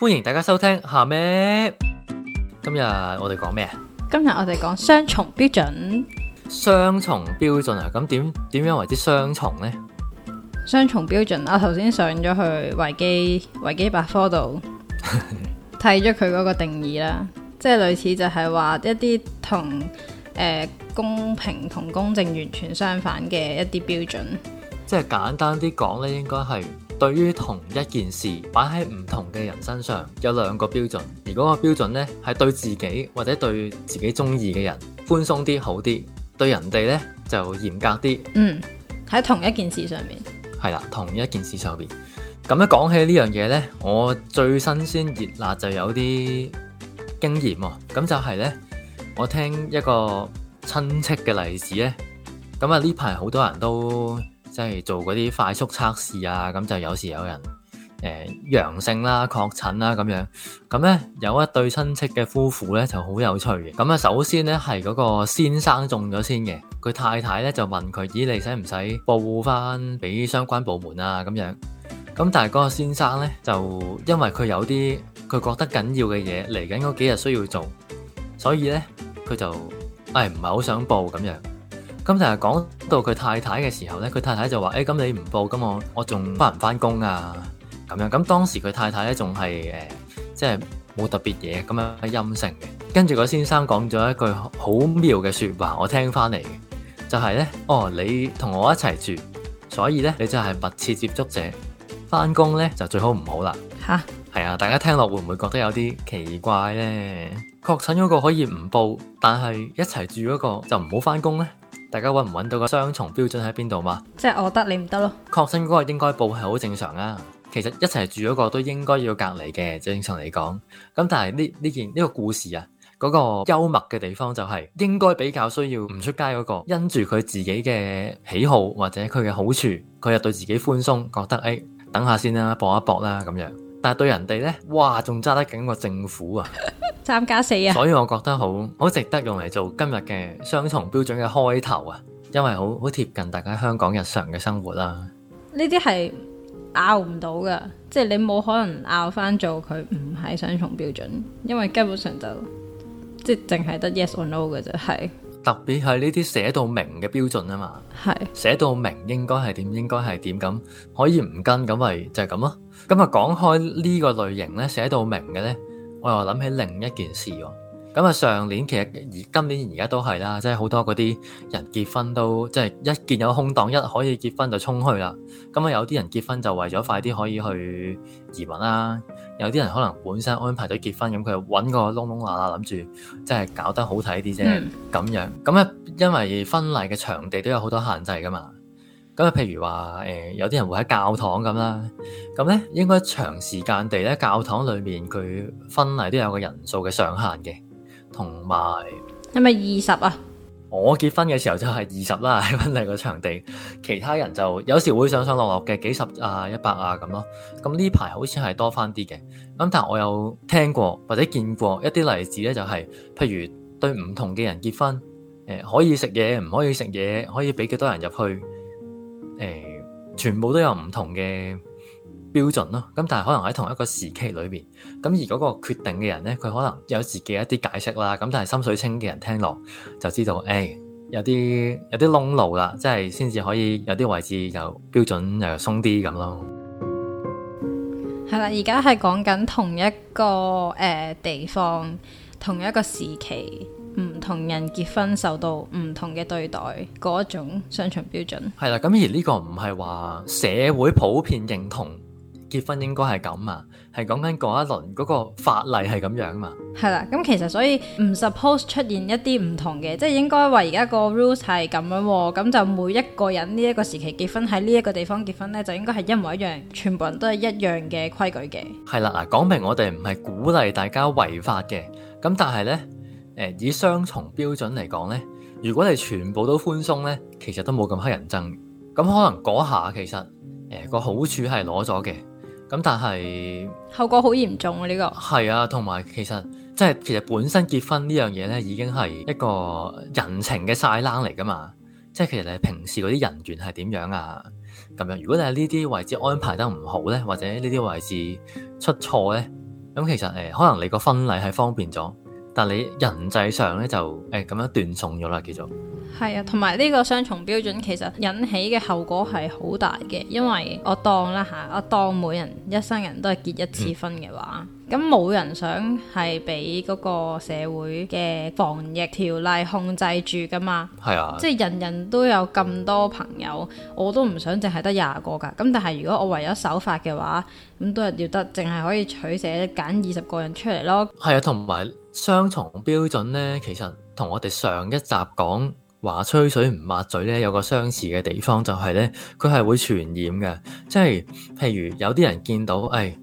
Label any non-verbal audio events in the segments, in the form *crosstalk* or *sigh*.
歡迎大家收聽，下咩？今日我哋講咩？今日我哋講雙重，雙重標準。雙重，雙重標準啊？咁點點樣為之雙重呢？雙重標準啊！我頭先上咗去維基維基百科度，睇咗佢嗰個定義啦，即係類似就係話一啲同誒公平同公正完全相反嘅一啲標準。即係簡單啲講咧，應該係對於同一件事擺喺唔同嘅人身上，有兩個標準。而嗰個標準呢，係對自己或者對自己中意嘅人寬鬆啲好啲，對人哋呢就嚴格啲。嗯，喺同一件事上面，係啦，同一件事上面。咁一講起呢樣嘢呢，我最新鮮熱辣就有啲經驗啊！咁就係呢，我聽一個親戚嘅例子呢。咁啊，呢排好多人都。即係做嗰啲快速測試啊，咁就有時有人誒、呃、陽性啦、啊、確診啦、啊、咁樣。咁呢，有一對親戚嘅夫婦呢就好有趣嘅。咁啊，首先呢係嗰個先生中咗先嘅，佢太太呢就問佢：咦，你使唔使報翻俾相關部門啊？咁樣。咁但係嗰個先生呢，就因為佢有啲佢覺得緊要嘅嘢嚟緊嗰幾日需要做，所以呢，佢就唉，唔係好想報咁樣。咁就係講到佢太太嘅時候呢，佢太太就話：誒，咁你唔報，咁我我仲翻唔翻工啊？咁樣，咁當時佢太太呢，仲係誒，即係冇特別嘢咁樣，係陰性嘅。跟住個先生講咗一句好妙嘅説話，我聽翻嚟嘅就係呢，哦，你同我一齊住，所以呢你就係密切接觸者，翻工呢就最好唔好啦。吓？係啊，大家聽落會唔會覺得有啲奇怪呢？確診嗰個可以唔報，但係一齊住嗰個就唔好翻工呢。大家揾唔揾到個雙重標準喺邊度嘛？即係我得你唔得咯？確診嗰個應該報係好正常啊。其實一齊住嗰個都應該要隔離嘅，正常嚟講。咁但係呢呢件呢個故事啊，嗰個幽默嘅地方就係應該比較需要唔出街嗰個，因住佢自己嘅喜好或者佢嘅好處，佢又對自己寬鬆，覺得誒，等下先啦，搏一搏啦咁樣。但係對人哋呢，哇，仲揸得緊過政府啊，三加四啊，所以我覺得好，好值得用嚟做今日嘅雙重標準嘅開頭啊，因為好好貼近大家香港日常嘅生活啦，啊。呢啲係拗唔到㗎，即係你冇可能拗返做佢唔係雙重標準，因為根本上就即係淨係得 yes or no 嘅就係。特別係呢啲寫到明嘅標準啊嘛，係是寫到明應該係點，應該係點咁，可以唔跟咁咪就係咁咯。咁啊講開呢個類型咧，寫到明嘅咧，我又諗起另一件事喎。咁啊，上年其實而今年而家都係啦，即係好多嗰啲人結婚都即係一見有空檔一可以結婚就衝去啦。咁啊，有啲人結婚就為咗快啲可以去移民啦。有啲人可能本身安排咗結婚，咁佢揾個窿窿罅罅諗住即係搞得好睇啲啫。咁、嗯、樣咁啊，因為婚禮嘅場地都有好多限制噶嘛。咁啊，譬如話誒、欸，有啲人會喺教堂咁啦。咁咧應該長時間地咧，教堂裏面佢婚禮都有個人數嘅上限嘅。同埋係咪二十啊？我結婚嘅時候就係二十啦。喺婚禮個場地，其他人就有時會上上落落嘅，幾十啊，一百啊咁咯。咁呢排好似係多翻啲嘅咁，但係我有聽過或者見過一啲例子咧、就是，就係譬如對唔同嘅人結婚，誒，可以食嘢，唔可以食嘢，可以俾幾多人入去，誒、呃，全部都有唔同嘅。標準咯，咁但係可能喺同一個時期裏面。咁而嗰個決定嘅人呢，佢可能有自己一啲解釋啦，咁但係心水清嘅人聽落就知道，誒、欸、有啲有啲窿路啦，即係先至可以有啲位置就標準又鬆啲咁咯。係啦，而家係講緊同一個誒、呃、地方、同一個時期唔同人結婚受到唔同嘅對待嗰一種雙重標準。係啦，咁而呢個唔係話社會普遍認同。結婚應該係咁啊，係講緊嗰一輪嗰個法例係咁樣嘛，啊？係啦，咁其實所以唔 suppose 出現一啲唔同嘅，即係應該話而家個 rules 係咁樣，啊，咁就每一個人呢一個時期結婚喺呢一個地方結婚咧，就應該係一模一樣，全部人都係一樣嘅規矩嘅。係啦，嗱，講明我哋唔係鼓勵大家違法嘅，咁但係咧，誒、呃，以雙重標準嚟講咧，如果你全部都寬鬆咧，其實都冇咁乞人憎，咁可能嗰下其實誒、呃、個好處係攞咗嘅。咁但係後果好嚴重啊！呢個係啊，同埋其實即係其實本身結婚呢樣嘢呢，已經係一個人情嘅晒冷嚟㗎嘛。即係其實你平時嗰啲人緣係點樣啊？咁樣如果你喺呢啲位置安排得唔好呢，或者呢啲位置出錯呢，咁其實誒、呃、可能你個婚禮係方便咗。但你人際上咧就誒咁、哎、樣斷送咗啦，叫做係啊。同埋呢個雙重標準其實引起嘅後果係好大嘅，因為我當啦吓、啊，我當每人一生人都係結一次婚嘅話，咁冇、嗯、人想係俾嗰個社會嘅防疫條例控制住噶嘛。係啊，即係人人都有咁多朋友，我都唔想淨係得廿個㗎。咁但係如果我為咗守法嘅話，咁都係要得，淨係可以取捨揀二十個人出嚟咯。係啊，同埋。雙重標準呢，其實同我哋上一集講話吹水唔抹嘴呢，有個相似嘅地方就係呢，佢係會傳染嘅。即係譬如有啲人見到，誒、哎、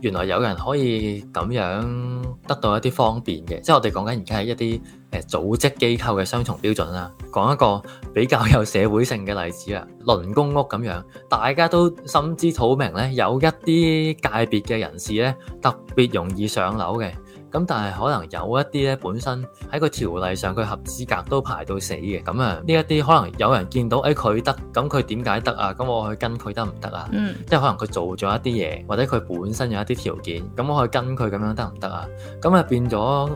原來有人可以咁樣得到一啲方便嘅，即係我哋講緊而家係一啲誒組織機構嘅雙重標準啦。講一個比較有社會性嘅例子啦，輪公屋咁樣，大家都心知肚明呢，有一啲界別嘅人士呢，特別容易上樓嘅。咁但係可能有一啲咧，本身喺個條例上佢合資格都排到死嘅。咁啊，呢一啲可能有人見到，誒佢得，咁佢點解得啊？咁我去跟佢得唔得啊？嗯，即係可能佢做咗一啲嘢，或者佢本身有一啲條件，咁我去跟佢咁樣得唔得啊？咁啊變咗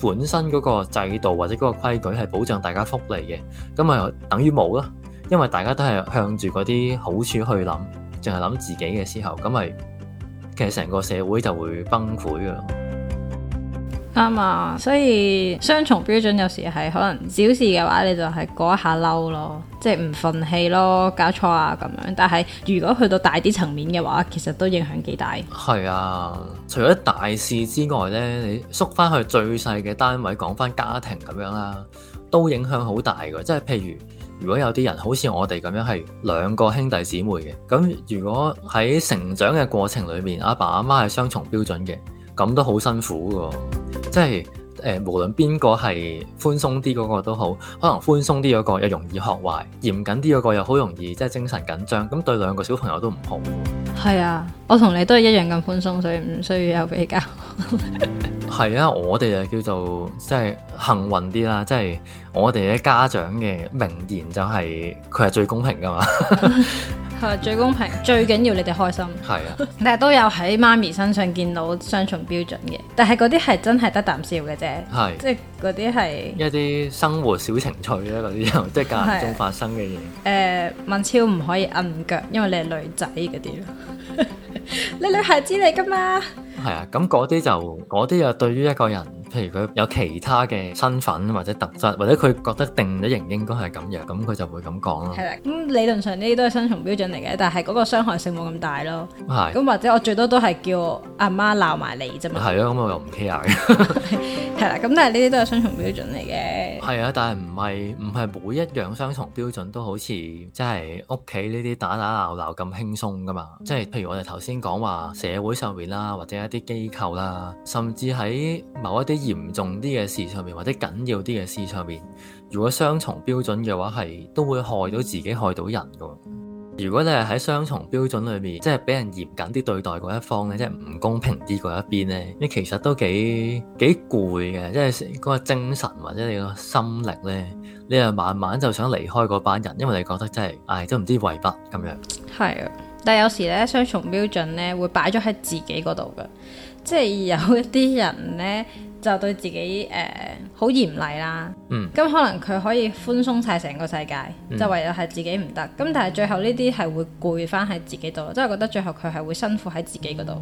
本身嗰個制度或者嗰個規矩係保障大家福利嘅，咁啊等於冇咯。因為大家都係向住嗰啲好處去諗，淨係諗自己嘅時候，咁咪其實成個社會就會崩潰嘅。啱啊，所以雙重標準有時係可能小事嘅話，你就係過一下嬲咯，即係唔憤氣咯，搞錯啊咁樣。但係如果去到大啲層面嘅話，其實都影響幾大。係啊，除咗大事之外呢，你縮翻去最細嘅單位講翻家庭咁樣啦，都影響好大嘅。即係譬如如果有啲人好似我哋咁樣係兩個兄弟姊妹嘅，咁如果喺成長嘅過程裡面，阿爸阿媽係雙重標準嘅。咁都好辛苦嘅，即係誒、呃，無論邊個係寬鬆啲嗰個都好，可能寬鬆啲嗰個又容易學壞，嚴謹啲嗰個又好容易即係精神緊張，咁對兩個小朋友都唔好。係啊，我同你都係一樣咁寬鬆，所以唔需要有比較。係 *laughs* 啊，我哋就叫做即係、就是、幸運啲啦，即、就、係、是、我哋啲家長嘅名言就係佢係最公平噶嘛。 *laughs* 係最公平， *laughs* 最緊要你哋開心。係啊，但係都有喺媽咪身上見到雙重標準嘅，但係嗰啲係真係得啖笑嘅啫。係是，即係嗰啲係一啲生活小情趣咧，嗰啲就即係間中發生嘅嘢。誒、啊，文超唔可以摁腳，因為你係女仔嗰啲咯， *laughs* 你女孩子嚟噶嘛。係啊，咁嗰啲就嗰啲就對於一個人。譬如佢有其他嘅身份或者特質，或者佢覺得定咗型應該係咁樣，咁佢就會咁講咯。係啦，咁理論上呢啲都係雙重標準嚟嘅，但係嗰個傷害性冇咁大咯。係的，咁或者我最多都係叫阿媽鬧埋你啫嘛。係咯的，咁我又唔 care 嘅。係啦的，咁的但係呢啲都係雙重標準嚟嘅。 *laughs* *laughs* 係啊，但係唔係唔係每一樣雙重標準都好似即係屋企呢啲打打鬧鬧咁輕鬆㗎嘛？即係譬如我哋頭先講話社會上面啦，或者一啲機構啦，甚至喺某一啲嚴重啲嘅事上面，或者緊要啲嘅事上面，如果雙重標準嘅話，係都會害到自己，害到人㗎。如果你係喺雙重標準裏面，即係俾人嚴謹啲對待嗰一方咧，即係唔公平啲嗰一邊咧，你其實都幾幾攰嘅，即係嗰個精神或者你個心力咧，你就慢慢就想離開嗰班人，因為你覺得真係唉，都、哎、唔知為乜咁樣。係啊，但有時咧雙重標準咧會擺咗喺自己嗰度嘅，即係有一啲人咧。就對自己誒好、呃、嚴厲啦，咁、嗯、可能佢可以寬鬆晒成個世界，嗯、就唯有係自己唔得。咁但係最後呢啲係會攰翻喺自己度，即、就、係、是、覺得最後佢係會辛苦喺自己嗰度。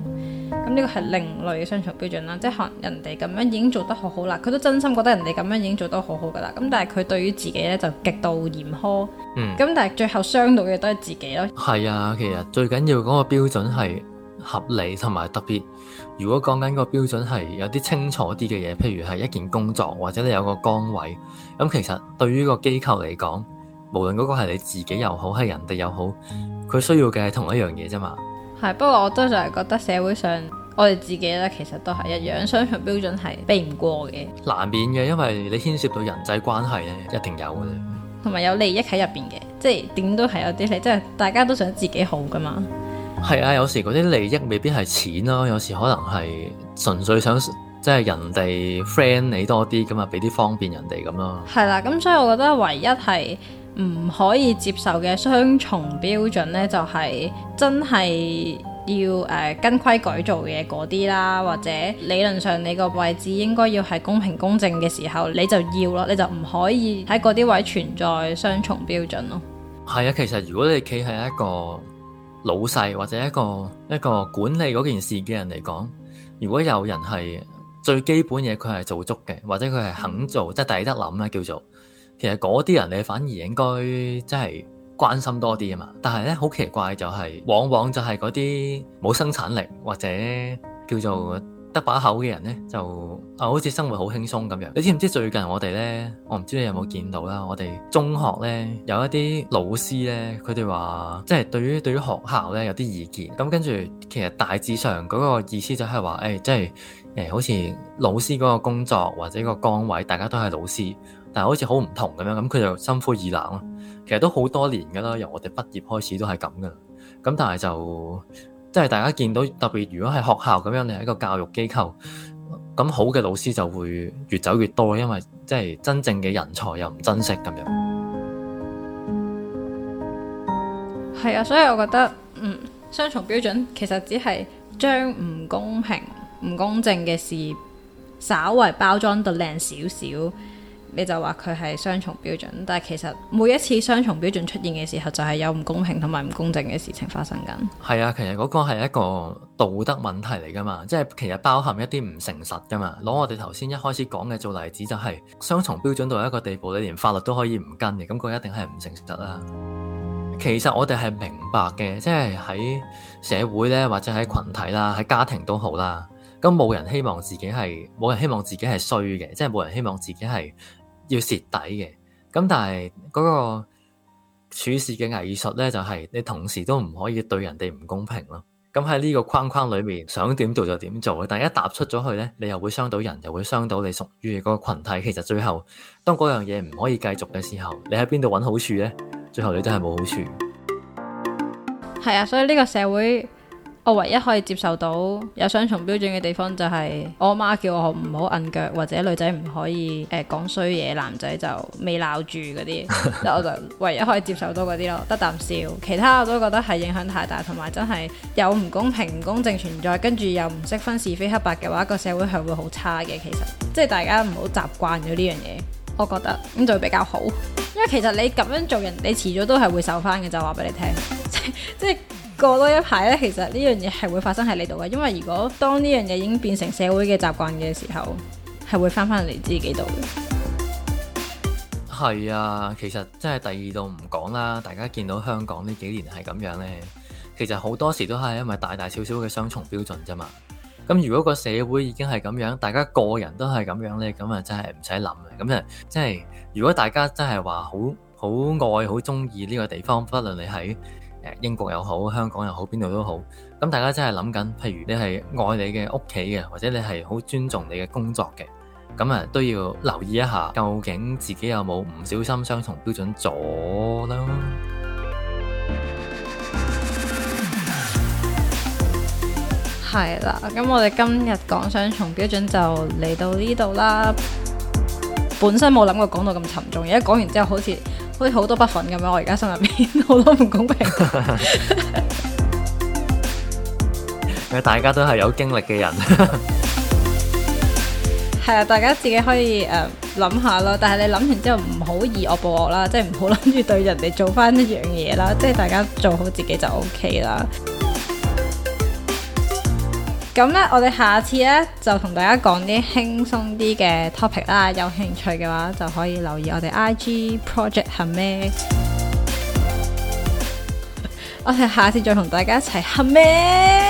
咁呢個係另類嘅相處標準啦。即係可能人哋咁樣已經做得好好啦，佢都真心覺得人哋咁樣已經做得好好噶啦。咁但係佢對於自己咧就極度嚴苛，咁、嗯、但係最後傷到嘅都係自己咯。係啊，其實最緊要嗰個標準係合理同埋特別，如果講緊個標準係有啲清楚啲嘅嘢，譬如係一件工作或者你有個崗位，咁、嗯、其實對於個機構嚟講，無論嗰個係你自己又好，係人哋又好，佢需要嘅係同一樣嘢啫嘛。係，不過我都就係覺得社會上我哋自己咧，其實都係一樣，雙重標準係避唔過嘅。難免嘅，因為你牽涉到人際關係咧，一定有嘅。同埋有，有利益喺入邊嘅，即係點都係有啲你即係大家都想自己好噶嘛。係啊，有時嗰啲利益未必係錢咯，有時可能係純粹想即係人哋 friend 你多啲咁啊，俾啲方便人哋咁咯。係啦，咁所以我覺得唯一係唔可以接受嘅雙重標準呢，就係、是、真係要誒、呃、跟規矩做嘢嗰啲啦，或者理論上你個位置應該要係公平公正嘅時候，你就要咯，你就唔可以喺嗰啲位存在雙重標準咯。係啊，其實如果你企喺一個。老細或者一個一個管理嗰件事嘅人嚟講，如果有人係最基本嘢佢係做足嘅，或者佢係肯做，即係抵得諗咧，叫做其實嗰啲人你反而應該即係關心多啲啊嘛。但係咧好奇怪就係、是，往往就係嗰啲冇生產力或者叫做。得把口嘅人呢，就啊、哦，好似生活好輕鬆咁樣。你知唔知最近我哋呢？我唔知你有冇見到啦？我哋中學呢，有一啲老師呢，佢哋話即係對於對於學校呢，有啲意見。咁跟住，其實大致上嗰個意思就係話，誒、哎，即係誒、哎，好似老師嗰個工作或者個崗位，大家都係老師，但係好似好唔同咁樣。咁佢就心灰意冷咯。其實都好多年噶啦，由我哋畢業開始都係咁噶啦。咁但係就。即係大家見到特別，如果係學校咁樣，你係一個教育機構，咁好嘅老師就會越走越多，因為即係真正嘅人才又唔珍惜咁樣。係啊，所以我覺得，嗯，雙重標準其實只係將唔公平、唔公正嘅事稍為包裝到靚少少。你就話佢係雙重標準，但係其實每一次雙重標準出現嘅時候，就係有唔公平同埋唔公正嘅事情發生緊。係啊，其實嗰個係一個道德問題嚟噶嘛，即係其實包含一啲唔誠實噶嘛。攞我哋頭先一開始講嘅做例子，就係雙重標準到一個地步，你連法律都可以唔跟嘅，咁佢一定係唔誠實得啦。其實我哋係明白嘅，即係喺社會咧，或者喺群體啦，喺家庭都好啦。都冇人希望自己係冇人希望自己係衰嘅，即係冇人希望自己係要蝕底嘅。咁但係嗰個處事嘅藝術呢，就係你同時都唔可以對人哋唔公平咯。咁喺呢個框框裏面，想點做就點做。但係一踏出咗去呢，你又會傷到人，又會傷到你屬於嗰個群體。其實最後，當嗰樣嘢唔可以繼續嘅時候，你喺邊度揾好處呢？最後你都係冇好處。係啊，所以呢個社會。我唯一可以接受到有雙重標準嘅地方就係我媽叫我唔好硬腳，或者女仔唔可以誒講衰嘢，男仔就未鬧住嗰啲，即 *laughs* 我就唯一可以接受到嗰啲咯，得啖笑。其他我都覺得係影響太大，同埋真係有唔公平唔公正存在，跟住又唔識分是非黑白嘅話，個社會係會好差嘅。其實即係大家唔好習慣咗呢樣嘢，我覺得咁就、嗯、會比較好。因為其實你咁樣做人，你遲早都係會受翻嘅。就話俾你聽，即係。過多一排咧，其實呢樣嘢係會發生喺你度嘅，因為如果當呢樣嘢已經變成社會嘅習慣嘅時候，係會翻翻嚟自己度嘅。係啊，其實真係第二度唔講啦。大家見到香港呢幾年係咁樣呢，其實好多時都係因為大大小小嘅雙重標準啫嘛。咁如果個社會已經係咁樣，大家個人都係咁樣呢，咁啊真係唔使諗嘅。咁啊，即係如果大家真係話好好愛、好鍾意呢個地方，不論你喺。英國又好，香港又好，邊度都好。咁大家真係諗緊，譬如你係愛你嘅屋企嘅，或者你係好尊重你嘅工作嘅，咁啊都要留意一下，究竟自己有冇唔小心雙重標準咗啦？係啦，咁我哋今日講雙重標準就嚟到呢度啦。本身冇諗過講到咁沉重，而家講完之後好似。好似好多不忿咁樣，我而家心入邊好多唔公平。 *laughs* *laughs* 大家都係有經歷嘅人，係 *laughs* 啊，大家自己可以誒、呃、諗下咯。但係你諗完之後唔好以惡報惡啦，即係唔好諗住對人哋做翻一樣嘢啦。即係大家做好自己就 OK 啦。咁咧，我哋下次咧就同大家講啲輕鬆啲嘅 topic 啦。有興趣嘅話，就可以留意我哋 IG Project 係咩。 *laughs* 我哋下次再同大家一齊係咩。